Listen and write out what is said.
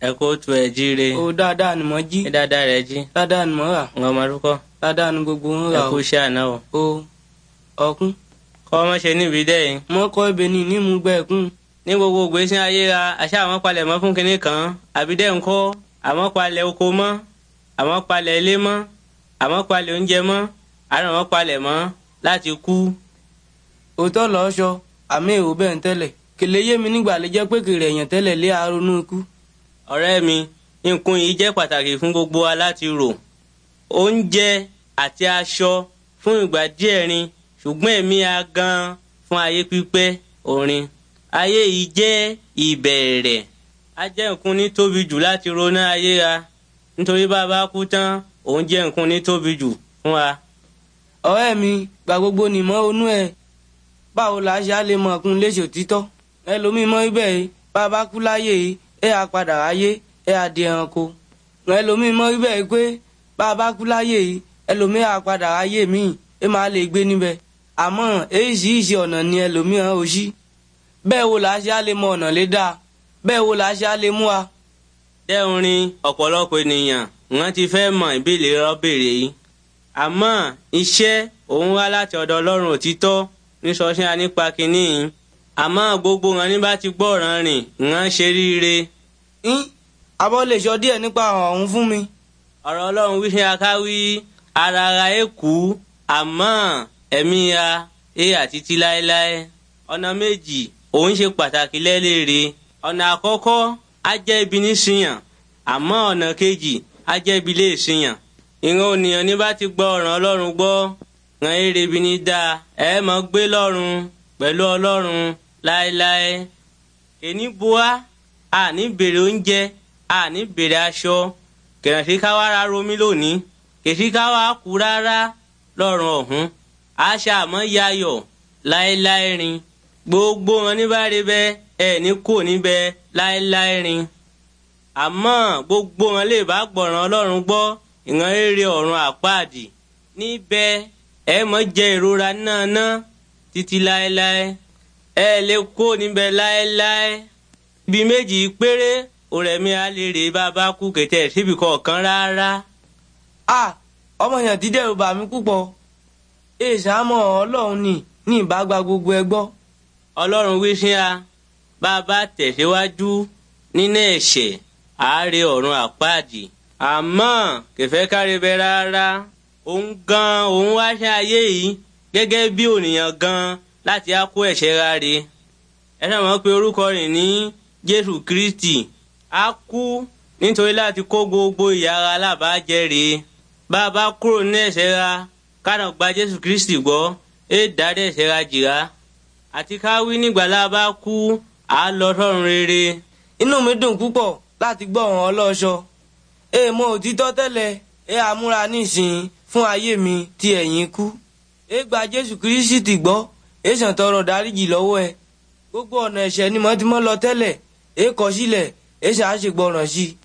ẹ kó tu ẹ jíire. o dáadáa ni mo jí. ẹ dáadáa rẹ jí. dáadáa ni mo rà. ǹkan ọmọ arúgbó. dáadáa ni gbogbo ń rà o. ẹ kú iṣẹ́ àná o. o ọkún. kọ́ ọmọ ṣe níbi dẹ́ yìí. mo kọ́ ibẹ̀ ni nímú gbẹ kún. ní gbogbo gbèsè ayé ra àṣà àwọn palẹ̀ mọ́ fún kinní kan àbídẹ́ ń kọ́ àwọn palẹ̀ oko mọ́ àwọn palẹ̀ ilé mọ́ àwọn palẹ̀ oúnjẹ mọ́ àrùn àwọn palẹ̀ mọ́ láti kú. òótọ́ lọ́ọ́ àmì èrò bẹ́ẹ̀ ń tẹ́lẹ̀ kèlè yé mi nígbà lè jẹ́ pé kèrè èèyàn tẹ́lẹ̀ lé àrùn inú ikú ọ̀rẹ́ mi nǹkan yìí jẹ́ pàtàkì fún gbogbo wa láti rò oúnjẹ àti aṣọ fún ìgbà díẹ̀ rin ṣùgbọ́n ẹ̀mí a gan fún ayé pípẹ́ orin ayé yìí jẹ́ ìbẹ̀rẹ̀ a jẹ́ nǹkan ní tóbi jù láti ronú ayé wa nítorí bá a bá kú tán òun jẹ́ nǹkan ní tóbi jù fún wa. ọ̀rẹ́ mi gbà gbogbo nìmọ̀ onú ẹ̀ báwo la ṣe á lè mọ̀ ọ̀kun léṣe òtítọ́ ẹlòmíì mọ́ ibẹ̀ bá a kú láyé yìí ẹ á padà ráyé ẹ á di ẹranko ẹlòmíín mọ wíbẹ̀ yìí pé bá a bá kú láyé yìí ẹlòmíín á padà ráyé míì ẹ máa lè gbé níbẹ̀ àmọ́ èyíṣiríṣi ọ̀nà ni ẹlòmíín ó ṣí bẹ́ẹ̀ wo làá ṣe á lè mọ ọ̀nà lé dáa bẹ́ẹ̀ wo làá ṣe á lè mú wa. dẹ́rin ọ̀pọ̀lọpọ̀ ènìyàn wọ́n ti fẹ́ mọ ìbéèrè rọ́bèrè yìí àmọ́ iṣẹ́ òun wá láti ọ̀dọ̀ ọlọ́run òtítọ́ ní sọ́sẹ́ nípa kínní yìí àmọ́ gbogbo wọn ní bá ti gbọ́ ọ̀ràn rìn wọ́n ṣe ríire ń hmm? abọ́ lè sọ díẹ̀ nípa ọ̀hún fún mi. ọ̀rọ̀ ọlọ́run wíṣẹ́ akáwí ara ara ẹ̀ kú àmọ́ ẹ̀mí ya ẹ̀ àti ti láéláé ọ̀nà méjì òun ṣe pàtàkì lẹ́lẹ́rẹ́ ọ̀nà àkọ́kọ́ á jẹ́ ibi níṣìyàn àmọ́ ọ̀nà kejì á jẹ́ ibi lè ṣìyàn ìran ònìyàn ní bá ti gbọ́ ọ̀ràn ọlọ́run gbọ́ ràn èrè ibi ní dáa ẹ̀ mọ́ gbé lọ́run pẹ̀lú ọlọ́run láéláé kè ní buá àní bèrè oúnjẹ àní bèrè aṣọ kẹ̀rìnsì káwá ra romi lónìí kẹ̀sì káwá kú rárá lọ́rùn ọ̀hún àṣà àmọ́ yayọ̀ láéláé rin gbogbo wọn ní bá rí bẹ́ẹ̀ ẹ̀ ní kò níbẹ̀ láéláé rin àmọ́ gbogbo wọn lè bá gbọ̀ràn ọlọ́run gbọ́ ìran eré ọ̀run àpáàdì níbẹ̀ ẹ mọ̀ jẹ ìrora náà ná títí láéláé ẹ lè kó níbẹ̀ láéláé bíi méjì péré òrẹ̀mí alèrè bàbá kú kẹtẹ síbi kọ̀ọ̀kan rárá. a ọmọ yàn dídẹ̀ ò bà mí púpọ̀ èèṣàmọ̀ ọlọ́run ni ní ìbágbá gbogbo ẹ gbọ́. ọlọ́run wí sí a bàbá tẹ̀síwájú nínú ẹ̀ṣẹ̀ àárẹ̀ ọ̀run àpáàdì àmọ́ kẹfẹ́ kárí bẹ rárá òun gan òun wá ṣe ayé yìí gẹ́gẹ́ bí ònìyàn gan láti á kó ẹ̀ṣẹ̀ rárẹ̀ ẹ náà pé orúkọ rìn ní jésù kristi á kú nítorí láti kó gbogbo ìyára alábàájẹ́ rèé bá a bá kúrò ní ẹ̀ṣẹ̀ ra kánà gba jésù kristi gbọ́ é e dárí ẹ̀ṣẹ̀ ra jìrá àti ká wí nígbà la bá kú á lọ sọ́run rere. inú mi dùn púpọ̀ láti gbọ́ ọ̀ràn ọlọ́ṣọ èèmọ̀ òtítọ́ tẹ́lẹ̀ ẹ àmúra nísìn fún ayé mi ti ẹ̀yìn kú ẹ gba jésù kristi gbọ́ ẹ ṣàn tọrọ dáríjì lọ́wọ́ ẹ gbogbo ọ̀nà ẹ̀ṣẹ̀ ni mo lọ tẹ́lẹ̀ èé kọ sílẹ̀ èé ṣàṣegbọràn sí i.